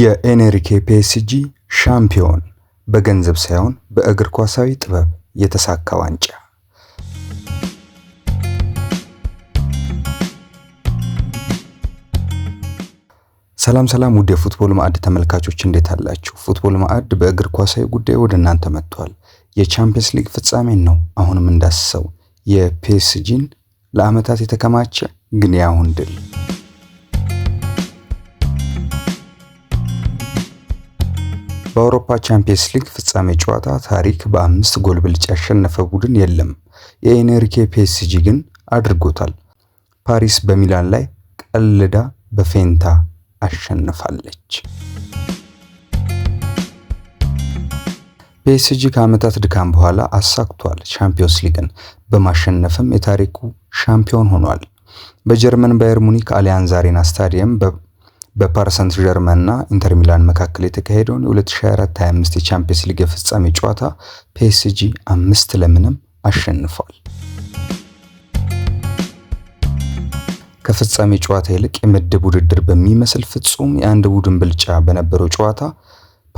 የኤኔሪኬ ፒኤስጂ ሻምፒዮን በገንዘብ ሳይሆን በእግር ኳሳዊ ጥበብ የተሳካ ዋንጫ። ሰላም ሰላም፣ ውድ የፉትቦል ማዕድ ተመልካቾች እንዴት አላችሁ? ፉትቦል ማዕድ በእግር ኳሳዊ ጉዳይ ወደ እናንተ መጥቷል። የቻምፒየንስ ሊግ ፍጻሜን ነው አሁንም እንዳስሰው የፒኤስጂን ለዓመታት የተከማቸ ግን ያሁን ድል በአውሮፓ ቻምፒየንስ ሊግ ፍጻሜ ጨዋታ ታሪክ በአምስት ጎል ብልጫ ያሸነፈ ቡድን የለም። የኤንሪኬ ፒኤስጂ ግን አድርጎታል። ፓሪስ በሚላን ላይ ቀልዳ በፌንታ አሸንፋለች። ፒኤስጂ ከዓመታት ድካም በኋላ አሳክቷል ቻምፒዮንስ ሊግን በማሸነፍም የታሪኩ ሻምፒዮን ሆኗል። በጀርመን ባየር ሙኒክ አሊያንዝ አሬና ስታዲየም በፓርሰንት ሰንት እና ኢንተር ሚላን መካከል የተካሄደውን የ2024/25 የቻምፒየንስ ሊግ የፍጻሜ ጨዋታ ፒኤስጂ አምስት ለምንም አሸንፏል። ከፍጻሜ ጨዋታ ይልቅ የምድብ ውድድር በሚመስል ፍጹም የአንድ ቡድን ብልጫ በነበረው ጨዋታ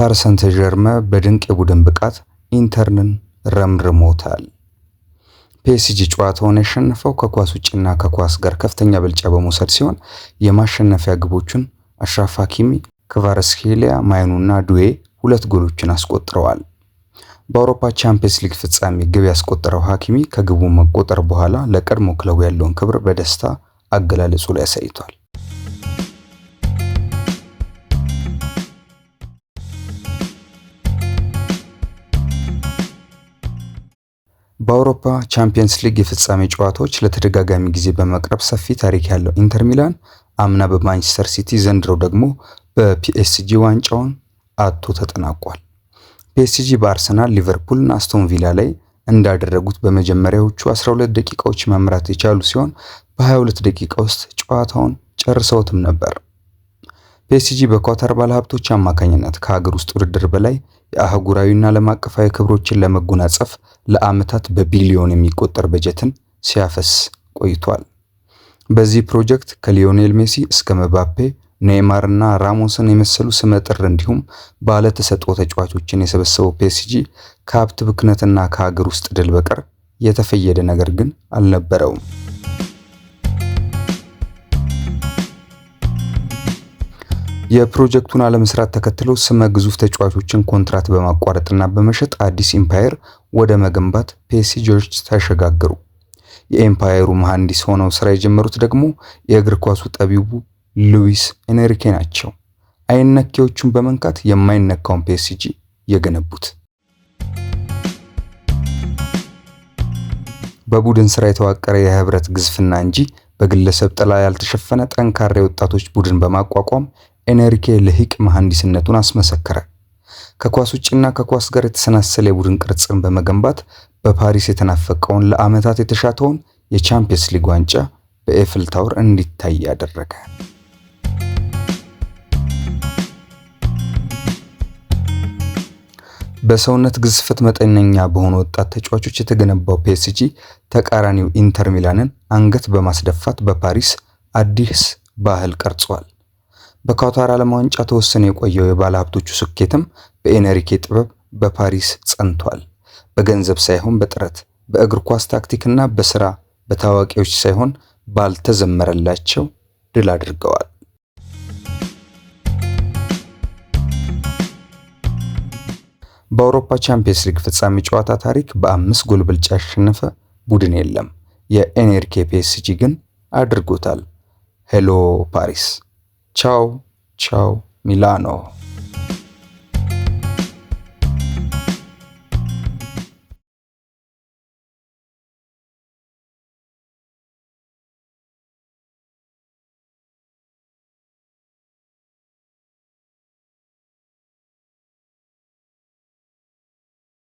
ፓርሰንት ጀርመ በድንቅ የቡድን ብቃት ኢንተርንን ረምርሞታል። ፒኤስጂ ጨዋታውን ያሸነፈው ከኳስ ውጭና ከኳስ ጋር ከፍተኛ ብልጫ በመውሰድ ሲሆን የማሸነፊያ ግቦቹን አሽራፍ ሐኪሚ፣ ማይኑ ማይኑና ዱዌ ሁለት ጎሎችን አስቆጥረዋል። በአውሮፓ ቻምፒየንስ ሊግ ፍጻሜ ግብ ያስቆጠረው ሐኪሚ ከግቡ መቆጠር በኋላ ለቀድሞ ክለቡ ያለውን ክብር በደስታ አገላለጹ ላይ አሳይቷል። በአውሮፓ ቻምፒየንስ ሊግ የፍጻሜ ጨዋታዎች ለተደጋጋሚ ጊዜ በመቅረብ ሰፊ ታሪክ ያለው ኢንተር ሚላን አምና በማንቸስተር ሲቲ ዘንድሮ ደግሞ በፒኤስጂ ዋንጫውን አቶ ተጠናቋል። ፒኤስጂ በአርሰናል ሊቨርፑልና አስቶን ቪላ ላይ እንዳደረጉት በመጀመሪያዎቹ 12 ደቂቃዎች መምራት የቻሉ ሲሆን በ22 ደቂቃ ውስጥ ጨዋታውን ጨርሰውትም ነበር። ፒኤስጂ በኳታር ባለሀብቶች አማካኝነት ከሀገር ውስጥ ውድድር በላይ የአህጉራዊና ዓለም አቀፋዊ ክብሮችን ለመጎናጸፍ ለዓመታት በቢሊዮን የሚቆጠር በጀትን ሲያፈስ ቆይቷል። በዚህ ፕሮጀክት ከሊዮኔል ሜሲ እስከ መባፔ ኔይማርና ራሞስን የመሰሉ ስመጥር እንዲሁም ባለ ተሰጥኦ ተጫዋቾችን የሰበሰበው ፔሲጂ ከሀብት ብክነትና ከሀገር ውስጥ ድል በቀር የተፈየደ ነገር ግን አልነበረውም። የፕሮጀክቱን አለመስራት ተከትሎ ስመ ግዙፍ ተጫዋቾችን ኮንትራት በማቋረጥና በመሸጥ አዲስ ኢምፓየር ወደ መገንባት ፔሲጂዎች ተሸጋገሩ። የኤምፓየሩ መሐንዲስ ሆነው ስራ የጀመሩት ደግሞ የእግር ኳሱ ጠቢቡ ሉዊስ ኤንሪኬ ናቸው። አይነኬዎቹን በመንካት የማይነካውን ፒኤስጂ የገነቡት። በቡድን ስራ የተዋቀረ የህብረት ግዝፍና እንጂ በግለሰብ ጥላ ያልተሸፈነ ጠንካራ የወጣቶች ቡድን በማቋቋም ኤንሪኬ ልሂቅ መሐንዲስነቱን አስመሰከረ። ከኳስ ውጭና ከኳስ ጋር የተሰናሰለ የቡድን ቅርጽን በመገንባት በፓሪስ የተናፈቀውን ለዓመታት የተሻተውን የቻምፒየንስ ሊግ ዋንጫ በኤፍል ታወር እንዲታይ ያደረገ በሰውነት ግዝፈት መጠነኛ በሆኑ ወጣት ተጫዋቾች የተገነባው ፒኤስጂ ተቃራኒው ኢንተር ሚላንን አንገት በማስደፋት በፓሪስ አዲስ ባህል ቀርጿል። በካታር ዓለም ዋንጫ ተወሰነ የቆየው የባለሀብቶቹ ስኬትም በኤነሪኬ ጥበብ በፓሪስ ጸንቷል። በገንዘብ ሳይሆን በጥረት በእግር ኳስ ታክቲክና በስራ በታዋቂዎች ሳይሆን ባልተዘመረላቸው ድል አድርገዋል። በአውሮፓ ቻምፒየንስ ሊግ ፍጻሜ ጨዋታ ታሪክ በአምስት ጎል ብልጫ ያሸነፈ ቡድን የለም። የኤኔሪኬ ፒኤስጂ ግን አድርጎታል። ሄሎ ፓሪስ! ቻው ቻው ሚላኖ